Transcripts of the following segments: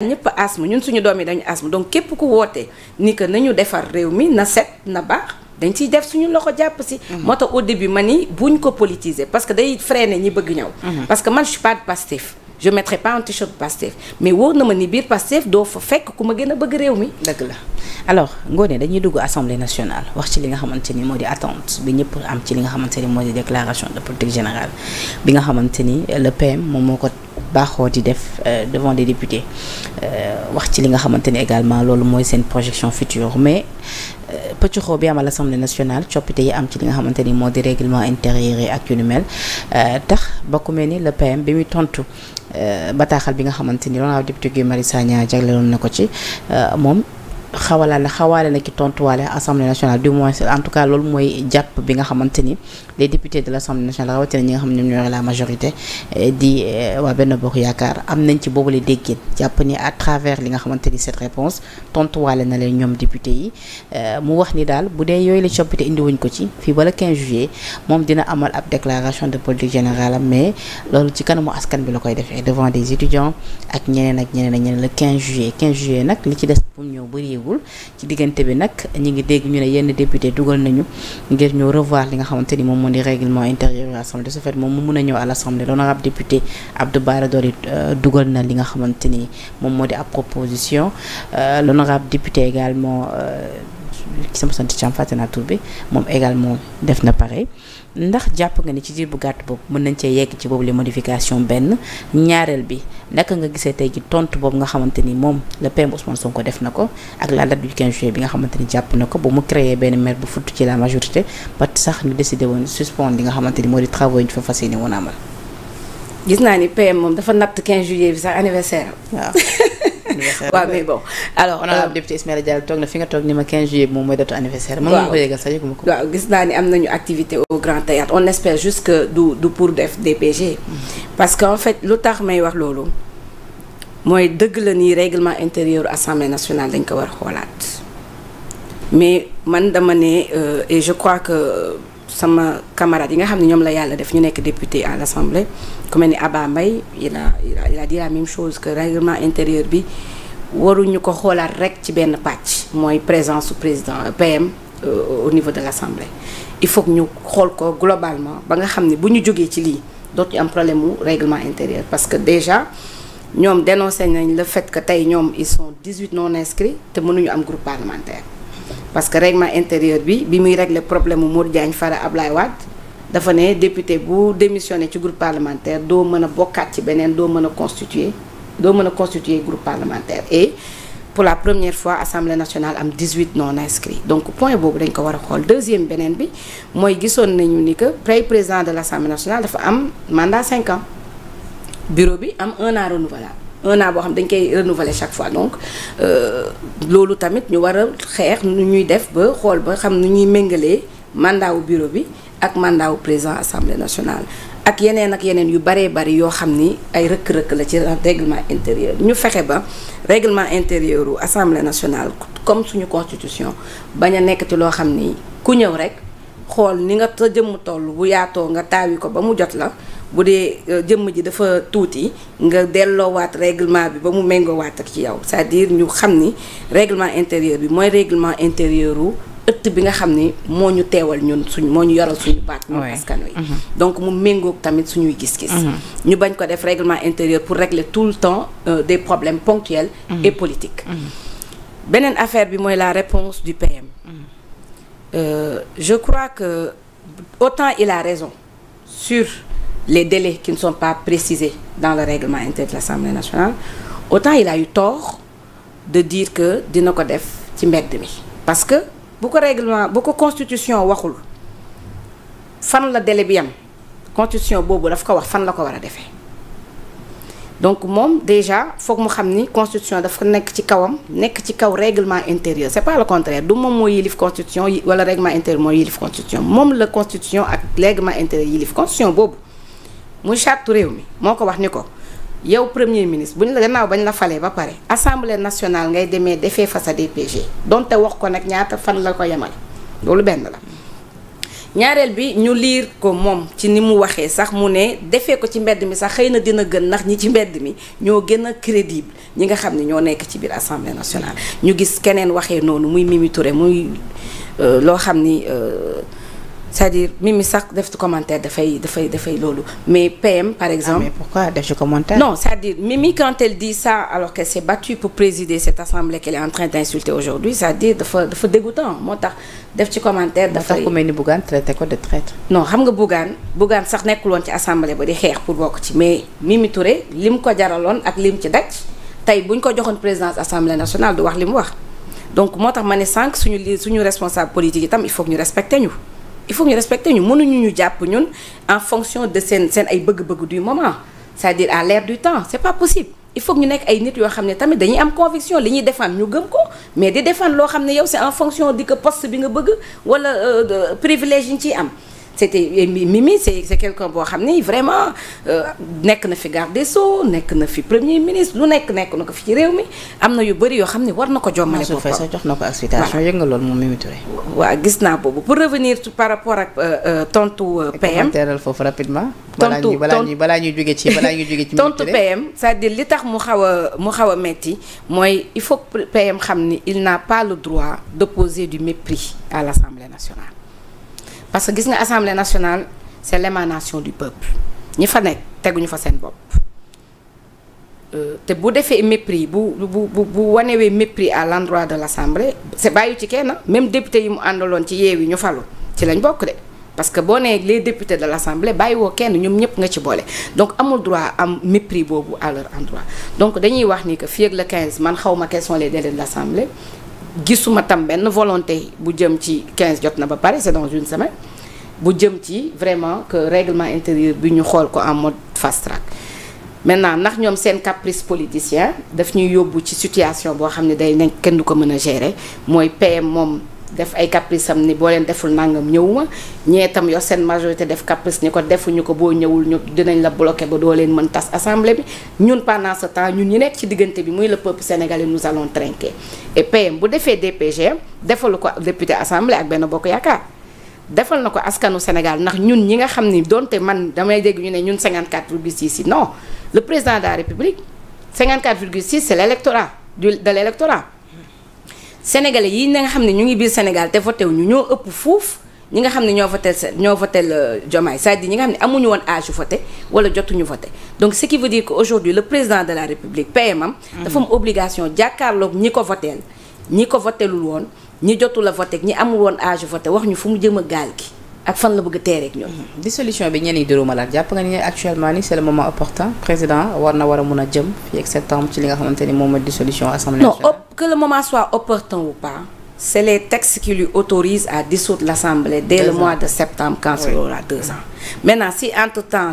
ñëpp asthme ñun suñu doom yi dañu asthme donc képp ku woote ni que nañu defar réew mi na set na baax dañ ciy def suñu loxo jàpp si. Mhm. moo tax au début ma ni buñ ko politiser parce que day freiner ñi bëgg ñëw. Mhm. parce que man je suis pas de Pastef je mettrai pas un t mais wóor na ma ni biir Pastef doo fa fekk ku ma gën a bëgg réew mi. dëgg la alors Ngoné dañuy dugg assemblée nationale wax ci li nga xamante ni moo di attente bi ñëpp am ci li nga xamante ni moo di déclaration de politique générale bi nga xamante ni le moom moo ko. baaxoo di def euh, devant des députés euh, wax ci li nga xamante ne également loolu mooy seen projection future mais euh, pëccuxoo bi am à l'Assemblée nationale coppite yi am ci li nga xamante ni moo di règlement intérieur yi ak yu ni mel tax ba ku mel ni le PM bi muy tontu bataaxal bi nga xamante ni loolu député Guy Marius Sagna jagleloon na ko ci moom. xawalaale xawaale la ki tontuwaale assemblée nationale du moins en tout cas loolu mooy jàpp bi nga xamante ni les députés l' assemblée nationale rawatina ñi nga xam ne ñooy la majorité eh, di eh, waa benn bokk yaakaar am nañ ci boobu la déggee jàpp ni à travers li nga xamante ni cette réponse tontuwaale na leen ñoom député yi eh, mu wax ni daal bu dee yooyu la coppite indi wuñ ko ci fii ba le 15 juillet moom dina amal ab déclaration de politique générale mais loolu ci kanamu askan bi la koy defee devant des étudiants ak ñeneen ak ñeneen ak le 15 juillet 15 juillet nag li ci jàllagul ci diggante bi nag ñi ngi dégg ñu ne yenn député dugal nañu ngir ñu revoir li nga xamante ni moom moo di réglement intérieur yu assemblée de ce fait moom mu mën a ñëw à l'assemblée l'honorable député Abdou Bara Dolly euh, dugal na li nga xamante ni moom moo di ab proposition euh, l'honorable député également euh, sama sant Thiam fàtte naa tur bi moom également def na pareil ndax jàpp nga ni ci diir bu gàtt boobu mën nañ cee yegg ci boobu les modifications benn ñaareel bi naka nga gisee tey ji tontu boobu nga xamante ni moom le PM Ousmane Sonko def na ko ak la date du 15 bi nga xamante ni jàpp na ko ba mu créé benn maire bu futt ci la majorité ba sax ñu décidé woon suspendre li nga xamante moo di travaux fa fas yéene woon amal. gis naa ni PM moom dafa natt 15 bi sax anniversaire waaw. anniversaire waaw mais bon alors honorable député Ismaïla Diallo toog na fi nga toog ni ma 15 juillet moom mooy datu anniversaire. waaw mën nga ko yëgal sax yëguma ko. waaw gis naa ni am nañu activité au Grand Théâtre on espère juste que du du pour def DPG. Mm. parce que en fait lu tax may wax loolu mooy dëgg la ni règlement intérieur assemblée nationale dañ ko war a xoolaat. mais man dama ne euh, et je crois que sama camarade yi nga xam ne ñoom la yàlla def ñu nekk député à l'Assemblée ku mel ni Abba Mbaye il a il a dit chose que règlement intérieur bi waruñu ko xoolaat rek ci benn pàcc mooy présence su président euh, PM euh, au niveau de l'Assemblée il faut que ñu xool ko globalement ba nga xam ni bu ñu jógee ci lii dootuñu am problème mu règlement intérieur parce que déjà ñoom dénoncé nañ la fait que tey ñoom ils sont 18 non inscrits te mënuñu am groupe parlementaire parce que règlement intérieur bi bi muy régler problème mu Modou Diagne ab Ablaye Wade dafa ne député bu démissionné ci groupe parlementaire doo mën a bokkaat ci beneen doo mën a constituer doo mën a constituer groupe parlementaire et pour la première fois assemblée nationale am dix 18 non inscrits donc point boobu dañ ko war a xool deuxième beneen bi mooy gisoon nañu ni que pré président de l' assemblée nationale dafa am mandat 5 ans bureau bi am un an renouvelable. un an boo xam dañ koy renouveler chaque fois donc euh, loolu tamit ñu war a xeex nu ñuy def ba xool ba xam nu ñuy méngalee mandat wu bureau bi ak mandat wu président assemblée nationale. ak yeneen ak yeneen yu baree bari yoo xam ni ay rëkk-rëkk la ci règlement intérieur ñu fexe ba règlement intérieur u assemblée nationale comme suñu constitution bañ a nekk loo xam ni ku ñëw rek xool ni nga sa jëmm toll bu yaatoo nga taawi ko ba mu jot la. bu dee euh, jëmm ji dafa tuuti nga delloowaat règlement bi ba mu méngoowaat ak ci yow sa à dire ñu xam ni règlement intérieur bi mooy règlement intérieur wu ëtt bi nga xam ni moo ñu teewal ñun suñ moo ñu yoral suñu baat ñun askan wi mm-hmm. donc mu méngoog tamit suñuy gis-gis mm-hmm. ñu bañ ko def règlement intérieur pour régler tout le temps euh, des problèmes ponctuels mm-hmm. et politiques beneen affaire bi mooy la réponse du PM mmh. Euh, je crois que autant il la raison su les délais qui ne sont pas précisés dans le règlement interne de l'Assemblée nationale autant il a eu de diir que dina ko def ci mbedd mi parce que bu ko règlement bu ko constitution waxul fan la délai bi yam constitution boobu daf ko wax fan la ko war a defee donc moom déjà foog mu xam ni constitution dafa nekk ci kawam nekk ci kaw règlement intérieur c'est pas le contraire du moom moo yilif constitution wala règlement intérieur moo yilif constitution moom la constitution ak règlement intérieur yilif constitution boobu muy charte réew mi moo ko wax ni ko yow premier ministre bu ñu la gannaaw bañ la falee ba pare assemble nationale ngay demee defee fa sa DPG donte wax ko nag ñaata fan la ko yemal loolu benn la. ñaareel bi ñu liir ko moom ci ni mu waxee sax mu ne defee ko ci mbedd mi sax xëy na dina gën ndax ñi ci mbedd mi ñoo gën a crédible ñi nga xam ne ñoo nekk ci biir assemblée nationale. ñu gis keneen waxee noonu muy Mimi muy euh, loo xam ni. Euh, c'est-à-dire Mimi sax def ci commentaire dafay dafay dafay loolu mais PM par ah, exemple. Ah, mais pourquoi def ci commentaire. non c'est-à-dire Mimi quand elle dit ça alors qu'elle s'est battue pour présider cette assemblée qu'elle est en train d'insulter aujourd'hui cest dire dafa dafa dégoûtant moo tax def ci commentaire. dafay moo tax ku mel ni Bougane traité ko de traître. non xam nga Bougane Bougane sax nekkuloon ci assemblée ba di xeex pour bokk ci mais Mimi Touré lim ko jaraloon ak lim ci daj tey bu ñu ko joxoon présidence assemblée nationale du wax li mu wax donc moo tax ma ne sànq suñu li suñu responsable politique itam il faut que ñu respecté ñu. il faut ñu respecte ñu mënuñu ñu jàpp ñun en fonction de seen seen ay bëgg-bëgg du moment c'est-à-dire à l'air du temps c'est pas possible il faut ñu nekk ay nit yoo xam ne tamit dañuy am conviction li ñuy défendre ñu gëm ko mais di défendre loo xam ne yow c'est en fonction di que poste bi nga bëgg wala euh, privilège yi ñu ciy am c'était mi c'est c'est quelqu'un boo xam ni vraiment euh, nekk na fi garde des nekk na fi premier ministre lu nekk nekk na ko fi ci réew mi am na yu bëri yoo xam ne war na ko jommale boppam sax jox na ko explication yëg nga loolu moom Mimi Touré waaw gis naa boobu pour revenir par rapport ak euh, euh, tontu PM teeral foofu rapidement balaa ñuy balaa balaa ñuy jóge ci balaa ñuy jóge ci tontu PM c'est-à-dire li tax mu xaw a mu xaw a metti mooy il faut PM xam ni il n'a pas le droit d'opposer du mépris à l'Assemblée nationale parce que gis nga assemblée nationale c' est l' émanation du peuple ñi fa nekk teguñu fa seen bopp euh, te bu defee mépris bu bu bu bu wanewee mépris à l' de l' assemblée c' bàyyi ci kenn même député yi mu àndaloon ci yeew yi ñu falu ci lañ bokk de parce que boo nee les députés de l' assemblée bàyyi woo kenn ñoom ñëpp nga ci boole donc amul droit am mépris boobu à leur endroit donc dañuy wax ni que fii ak le man xaw ma quels sont les de l' assemblée gisuma tam benn volonté bu jëm ci quinze jot na ba pare c'est dans une semaine bu jëm ci vraiment que réglement intérieur bi ñu xool ko en mode fast track maintenant ndax ñoom seen caprice politicien daf ñuy yóbbu ci situation boo xam ne day nekk kenn du ko mën a gérer mooy PM moom. def ay caprice am ni boo leen deful nangam ñëwuma ñee tam yor seen majorité def caprice ni ko defuñu ko boo ñëwul ñu dinañ la bloqué ba doo leen mën tas assemblée bi ñun pendant ce temps ñun ñu nekk ci diggante bi muy la peuple sénégalais nous allons trinquer et PM bu defee DPG defalu ko député assemblée ak benn bokk yaakaar defal na ko askanu Sénégal ndax ñun ñi nga xam ni donte man damay dégg ñu ne ñun 54 virgule 6 si non le président de la république 54 virgule 6 c'est l'électorat du de sénégalais yi nanga xam ne ñu ngi biir Sénégal te voté wuñu ñoo ëpp fuuf ñi nga xam ne ñoo voté ñoo voté Diomaye c'est-à-dire ñi nga xam ne amuñu woon âge voté wala jotuñu voté donc ce qui veut dire que aujourd'hui le président de la République PM am mhm. dafa am obligation jàkkaarloog ñi ko voteel ñi ko votelul woon ñi jotul a voté ñi amul woon âge voté wax ñu fu mu jëm a gaal gi ak fan la bëgg a teereeg ñoom. Mhm. dissolution bi ñenn yi dëroo ma laat jàpp nga ni war na a mun a jëm ci li nga xamante ni moom mooy dissolution assemblée nationale que le moment soit opportun ou pas, c'est les textes qui lui autorisent à dissoudre l'Assemblée dès deux le mois de septembre quand oui. il aura deux ans. Maintenant, si entre-temps,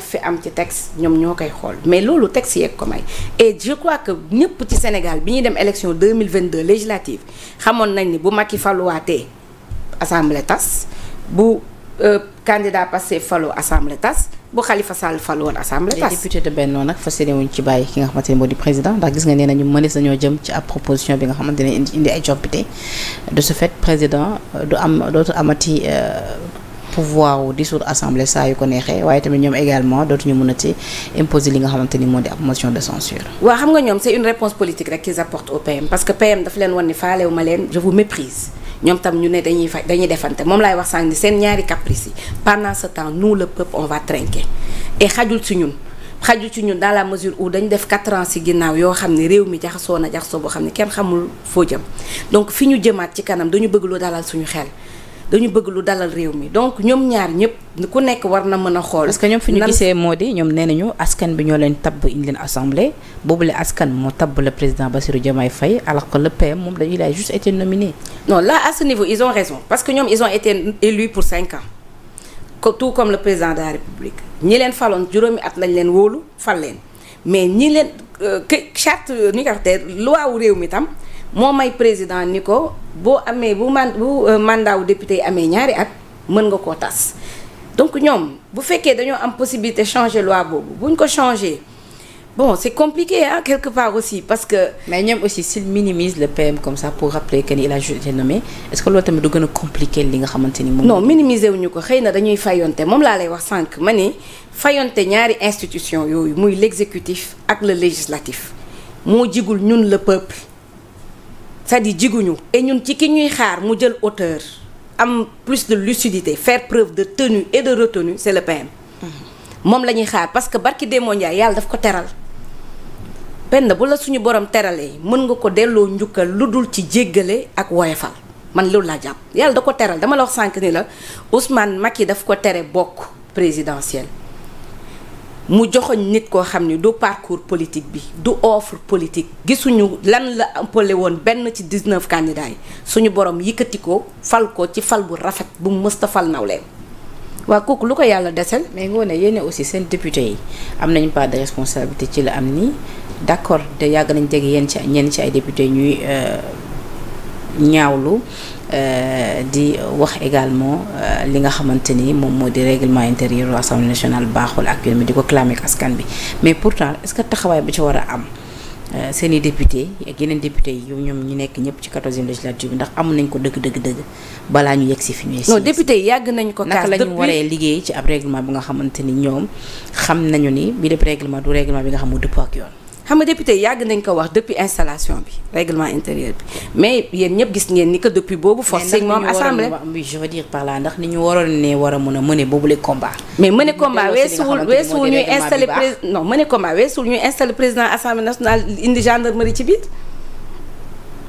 fi am ci un ñoom ñoo koy xool Mais loolu le texte est comme ça. Et je crois que nous, ci Sénégal, nous avons élection 2022 législative, nous savons que si Fallo a l'Assemblée TAS, si euh, candidat passé Fallo Assemblée TAS, bu Khalifa Sall fal woon assemblée tas. député de wuñ ci bàyyi ki nga xamante ne moo di président ndax gis nga nee nañu mënees nañoo jëm ci ab proposition bi nga xamante ne indi ay coppite de ce fait président euh, du am dootu amati. Euh, pouvoir wu dissoudre assemblée saa yu ko neexee waaye tamit ñoom également dootuñu mën a ci imposer li nga xamante ni moo di ab motion de censure waaw xam nga ñoom c'est une réponse politique rek qu'ils apportent au PM parce que PM daf ñoom tam ñu ne dañuy fay dañuy defante moom laay wax sànq ni seen ñaari caprice yi pendant ce temps nous le peuple on va trinquer et xajul ci ñun xaju ci ñun dans la mesure où dañu def 4 ans ci ginnaaw yoo xam ni réew mi jaxasoo na jaxasoo boo xam ne kenn xamul foo jëm donc fi ñu jëmaat ci kanam dañu bëgg loo dalal suñu xel dañu bëgg lu dalal réew mi donc ñoom ñaar ñëpp ku nekk war na mën a xool. parce que ñoom fi ñu gisee moo di ñoom nee nañu askan bi ñoo leen tabb indi leen assemblée boobule askan moo tabb le président Bassirou Diomaye Faye alors que le PM moom dañuy lay juste été nominé. non là à ce niveau ils ont raison parce que ñoom ils ont été élus pour cinq ans tout comme le président de la République ñi leen faloon juróomi at lañ leen wóolu fal leen mais ñi leen euh, charte ni euh, nga loi wu réew mi tam. moo may président ni ko boo amee bu man bu euh, mandat wu député yi amee ñaari at mën nga koo tas donc ñoom bu fekkee dañoo am possibilité changer loi boobu buñ ko changer bon c'est compliqué ah quelque part aussi parce que. mais ñoom aussi s'il minimise le PM comme ça pour rappeler que ni il a été nommé est-ce que loolu tamit du gën a compliqué li nga xamante ni moom. non minimiser wuñu ko xëy na dañuy fayonte moom laa lay wax sànq ma ni fayonte ñaari institution yooyu muy l'exécutif ak le législatif moo jigul ñun le peuple. cest à jiguñu et ñun ci ki ñuy xaar mu jël hauteur am plus de lucidité faire preuve de tenue et de retenue c'est le PM mm-hmm. moom la ñuy xaar parce que barki Demba Ndiaye yàlla daf ko teral benn bu la suñu borom teralee mën nga ko delloo njukkal lu dul ci jéggale ak woyefal man loolu laa jàpp yàlla da ko teral dama la wax sànq ni la mag yi daf ko tere bokk présidentielle. mu joxoñ nit koo xam ni du parcours politique bi du offre politique gisuñu lan la ëppale woon benn ci 19 candidats yi suñu borom yëkkati ko fal ko ci fal bu rafet bu mu mësta fal nawleen waa kooku lu ko yàlla desel mais ne yéen aussi seen député yi am nañu part de responsabilité ci la am nii d'accord te yàgg nañ dégg yéen ci ñenn ci ay député ñuy euh, ñaawlu euh, di wax également euh, li nga xamante ni moom moo di règlement intérieur u assemblée nationale baaxul ak yoon mi di ko clamer askan bi mais pourtant est taxawaay bi ci war a am euh, seen i député ak yeneen député yi ñoom ñu nekk ñëpp ci quatorzième législature bi ndax amu nañ ko dëgg dëgg dëgg balaa ñu yegg si fi ñuy non député yi yàgg nañ ko naka la ñu waree ci ab règlement bi nga xamante ni ñoom xam nañu ni bi def règlement du règlement bi nga xam mu dëpp ak yoon xam nga député yàgg nañ ko wax depuis installation bi règlement intérieur bi mais yéen ñëpp gis ngeen ni que depuis boobu forcing moom assemblée je veux par là ndax ni ñu waroon ne war a mën a mëne boobule combat mais mëne combat weesuwul weesuwul ñuy installé président non mëne combat weesuwul ñuy installé président assemblée nationale indi gendarmerie ci biir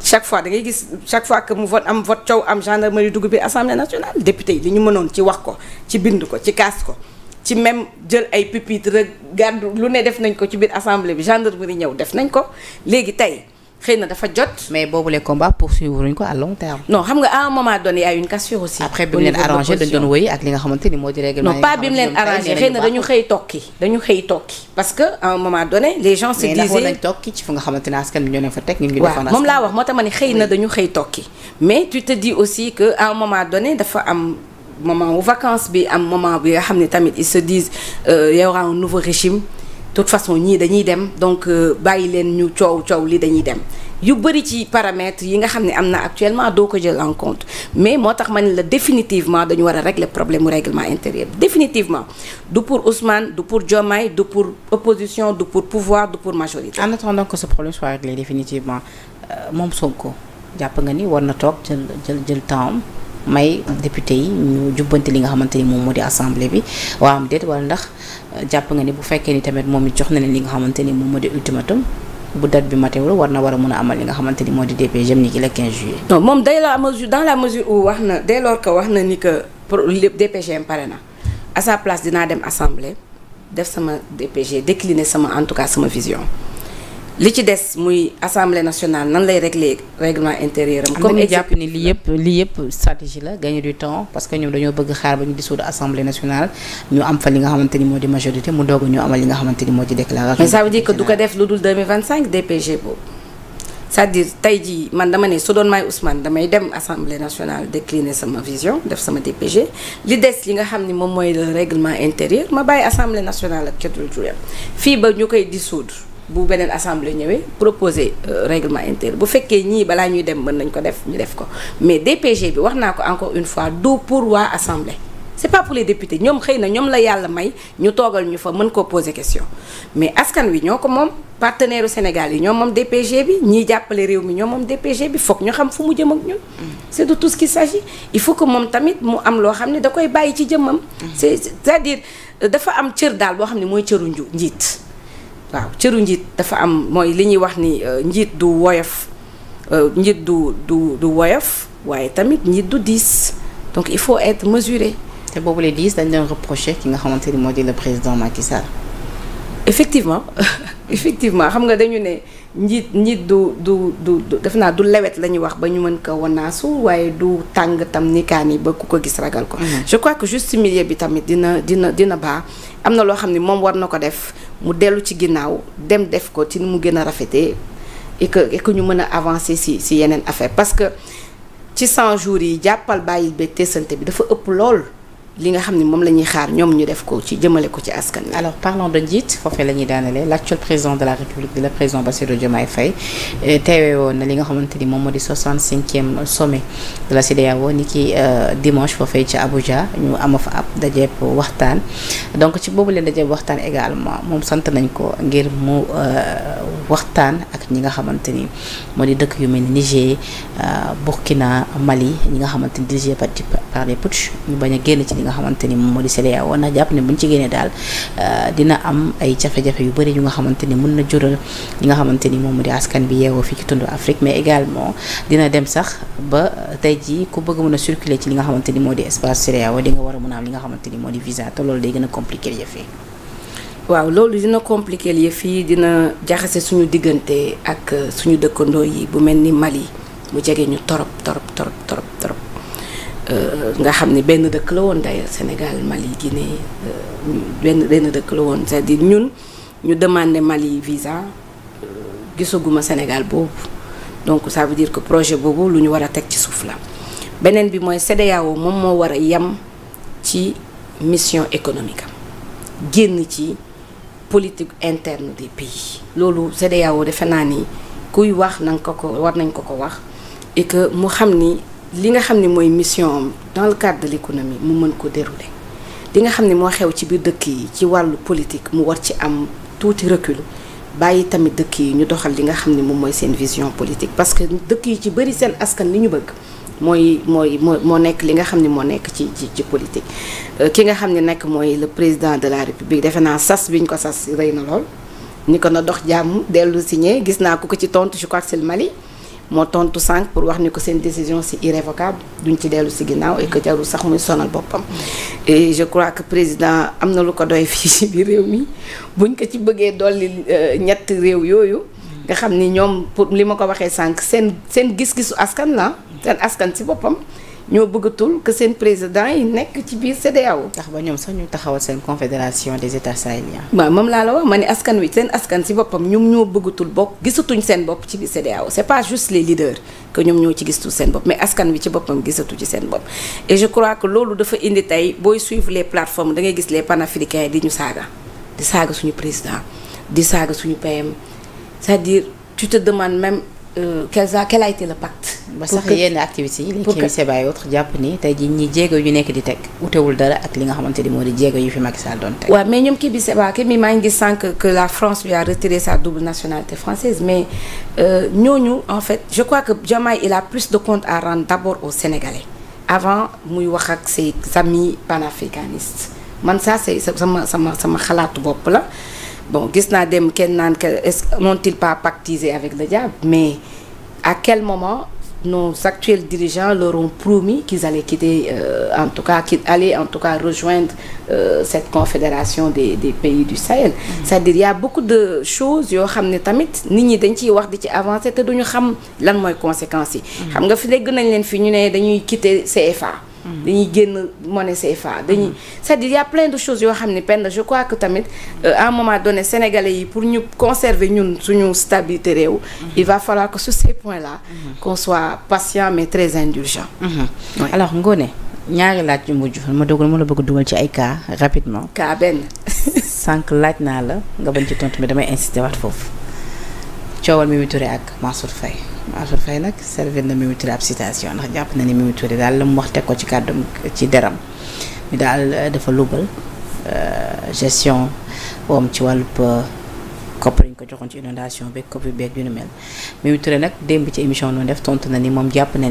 chaque fois da ngay gis chaque fois que mu vote am vote coow am gendarmerie dugg biir assemblée nationale député yi li ñu mënoon ci wax ko ci bind ko ci kaas ko ci même jël ay pupitre gàddu lu ne def nañ ko ci biir assemblée bi gendarmerie ñëw def nañ ko léegi tey xëy na dafa jot. mais boobu les combats poursuivre ñu ko à long terme. a une cassure aussi. après bi mu leen arrangé dañ doon wéy ak li nga xamante ni moo bi mu leen arrangé xëy na dañu xëy tokki dañu xëy tokki parce que à un moment donné les gens se disaient mais nañ nga xamante ne askan bi ñoo leen fa teg ñu ngi. waaw moom laa wax moo tax ne xëy na dañu xëy tokki mais tu te dis aussi que à un moment dafa am moment wu vacances bi am moment bi nga xam ne tamit ils se disent euh, il y aura un nouveau régime de façon ñii dañuy dem donc euh, bàyyi leen ñu coow coow li dañuy dem yu bëri ci paramètres yi nga xam ne am na actuellement doo ko jël en compte mais moo tax ma ne la définitivement dañu war a régler problème mu règlement intérieur définitivement du pour Ousmane du pour Diomaye du pour opposition du pour pouvoir du pour majorité. en attendant que ce problème soit réglé définitivement euh, moom Sonko jàpp nga ni war na toog jël jël jël temps may député yi ñu jubbanti li nga xamante ni moom moo di assemblée bi waaw am déet wala ndax euh, jàpp nga ni bu fekkee ni tamit moom it jox na leen li nga xamante ni moom moo di ultimatum bu date bi matewul war na war a mun a amal li nga xamante ni moo di DPGM ni ki le 15 juillet. moom dès la mesure dans la wax na dès wax na ni que pour lépp DPGM pare na à sa place dinaa dem assemblée def sama DPG décliner sama en tout cas sama vision. li ci des muy assemblée nationale nan lay régler règlement intérieur am. comme ñu jàpp ni lii yëpp lii yëpp stratégie la gagner du temps parce que dañoo bëgg xaar ba ñu dissoudre assemblée nationale ñu am fa li nga xamante ni moo di majorité mu doog ñu amal li xamante ni moo di déclaration. mais ça veut dire ko def lu dul 2025 DPG boobu tey jii man dama ne su doon maay Ousmane damay dem assemblée nationale décliner sama vision def sama DPG li des li nga xam ni moom mooy le règlement ma bàyyi assemblée nationale ak ca dul fii ba ñu koy dissoudre. bu beneen assemblée ñëwee proposer euh, règlement intérieur bu fekkee ñii balaa ñuy dem mën nañ ko def ñu def ko mais DPG bi wax naa ko encore une fois du pour waa assemblée. c'est pas pour les députés ñoom xëy na ñoom la yàlla may ñu toogal ñu fa mën ko poser question mais askan wi ñoo ko moom partenaire Sénégal yi ñoom moom DPG bi ñiy jàppale réew mi ñoom moom DPG bi foog ñu xam fu mu jëm ak ñun. Mm. c'est de tout ce qu'il s'agit il faut que moom tamit mu am loo xam ne da koy bàyyi ci jëmmam. Mm. c'est cest à euh, dafa am cër daal boo xam ne mooy cëru nju njiit. waaw cëru njiit dafa am mooy li ñuy wax ni euh, njiit du woyof euh, njiit du du du woyof waaye tamit njiit du diis donc il faut être mesuré. te boobu le diis dañ doon reproché ki nga xamante ni moo di président Macky Sall. effectivement xam nga dañu ne njiit njiit du du du def naa du lewet la ñuy wax ba ñu mën ko wanaasu waaye du tàng tam nikaan yi ba ku ko gis ragal ko. Mhm. je crois que juste milieu bi tamit dina dina dina baax am na loo xam ne moom war na ko def. mu dellu ci ginnaaw dem def ko ci ni mu gën a rafetee et que et ñu mën a avancer si si yeneen affaire parce que ci 100 jours yi jàppal bàyyi ba teesante bi dafa ëpp lool. li nga xam ne moom la ñuy xaar ñoom ñu def ko ci jëmale ko ci askan wi. alors parlons de njiit foofee la ñuy daanelee l' actuel président de la république di la président Bassirou Diomaye Faye euh, teewee woon na li nga xamante ni moom moo di 65e sommet de la CEDEAO ni ki euh, dimanche foofee ci Abuja ñu ama fa ab dajeeb waxtaan donc ci boobu leen dajeeb waxtaan également moom sant nañ ko ngir mu euh, waxtaan ak ñi nga xamante ni moo di dëkk yu mel ni Niger euh, Burkina Mali ñi nga xamante ni dirigé par par les ñu bañ a génn ci li nga xamante ni moo di CEDEAO woon na jàpp ne buñ ci daal euh, dina am ay jafe-jafe yu bëri yu nga xamante ni mun na jural ñi nga xamante ni moom moo di askan bi yeewoo fii ci tundu Afrique mais également dina dem sax ba tey jii ku bëgg mën a circuler ci li nga xamante ni moo di espace CEDEAO di nga war a mën a am li nga xamante ni moo di visa te loolu day gën a compliqué yëf waaw loolu dina compliquer li fii dina jaxase suñu diggante ak euh, suñu dëkkandoo yi bu mel ni Mali mu jege ñu torop torop torop torop torop euh, nga xam ni benn dëkk la woon d'ailleurs Sénégal Mali Guinée euh, benn benn dëkk la woon c'est-à-dire ñun ñu demandé Mali visa gisaguma Sénégal boobu donc ça veut dire que projet boobu lu ñu war a teg ci suuf la beneen bi mooy CEDEAO moom moo war a yem ci mission économique am génn ci politique interne des pays loolu CEDEAO defe naa ni kuy wax na ko ko war nañ ko ko wax et que mu xam ni li nga xam ni mooy mission dans le cadre de l'économie mu mën ko dérouler li nga xam ni moo xew ci biir dëkk yi ci wàllu politique mu war ci am tuuti recul bàyyi tamit dëkk yi ñu doxal li nga xam ni moom mooy seen vision politique parce que dëkk yi ci bëri seen askan li ñu bëgg mooy mooy moo moo nekk li nga xam ne moo nekk ci ci ci politique euh, ki nga xam ne nekk mooy le président de la république defe naa sas bi ñu ko sas rëy na lool ni ko na dox jàmm dellu si signé gis naa ko ko ci tontu je crois que c'est le Mali moo tontu sànq pour wax ni ko seen décision si irrévocable duñ ci dellu si ginnaaw et que jarul sax muy sonal boppam et je crois que président am na lu ko doy fii ci biir réew mi buñ ko ci bëggee dolli euh, ñetti réew yooyu nga xam ni ñoom pour li ma ko waxee sànq seen seen gis-gisu askan la seen askan si boppam ñoo bëggatul que seen président yi nekk ci biir CEDEAO. tax ba ñoom sax ñu taxawal seen confédération des états sahéliens. waaw moom laa la wax ma ne askan wi seen askan si boppam ñoom ñoo bëggatul bokk gisatuñ seen bopp ci biir CEDEAO c'est pas juste les leaders que ñoom ñoo ci gisatul seen bopp mais askan wi ci boppam gisatu ci seen bopp. et je crois que loolu dafa indi tey booy suivre les plateformes da gis gis les panafricains di ñu saaga di saaga suñu président di saaga suñu PM c'est-à-dire tu te demandes même euh, quel a quel ba sax yenn activités yi les kii bay autre jàpp nii tey ji ñi jéego yu nekk di teg utewul dara ak li nga xamante ni moo di jéego yu fi Macky Sall doon teg waaw mais ñoom kii bi seba kii bi maa ngi gis sànq que la France lui a retiré sa double nationalité française mais euh, ñooñu en fait je crois que Diomaye il a plus de compte à rendre d'abord au Sénégalais avant muy wax ak ses amis panafricanistes man ça c'est sama sama sama xalaatu bopp la bon gis naa dem kenn naan que est-ce nont avec le diable mais à quel nos actuels dirigeants leur ont promis qu'ils allaient quitter, euh, en tout cas, qu'ils allaient en tout cas rejoindre euh, cette confédération des des pays du Sahel. Mm-hmm. c'est-à-dire il beaucoup de choses yoo xam ne tamit nit ñi dañ ciy wax di ci avancer te ñu xam lan mooy conséquences yi. Mm-hmm. xam nga fi léegi nañ leen fi ñu ne dañuy quitter CFA. dañuy génn monnaie CFA dañuy mm-hmm. c'est-à-dire y a plein de choses yoo xam ne Penda je crois que tamit euh, à un moment donné sénégalais yi pour ñu conserver ñun suñu stabilité réew mm-hmm. il va falloir que sur ces points là mm-hmm. qu'on patient mais très indulgent alors Ngoné ñaari laaj yu mujj ma dogal ma la bëgg dugal ci ay cas rapidement cas benn sànq laaj naa la nga bañ ci tontu bi damay insister waat foofu coowal mi mu turee ak Mansour Faye Mansour Faye nag servir na Mimi Touré ab citation ndax jàpp na ni Mimi Touré daal la mu wax teg ko ci kàddum ci deram mi daal euh, dafa lubal euh, gestion woom ci wàllu euh, koppar yi ñu ko joxoon ci inondation beeg kopp beeg yu ni mel Mimi nag démb ci émission noonu def tontu na ni moom jàpp na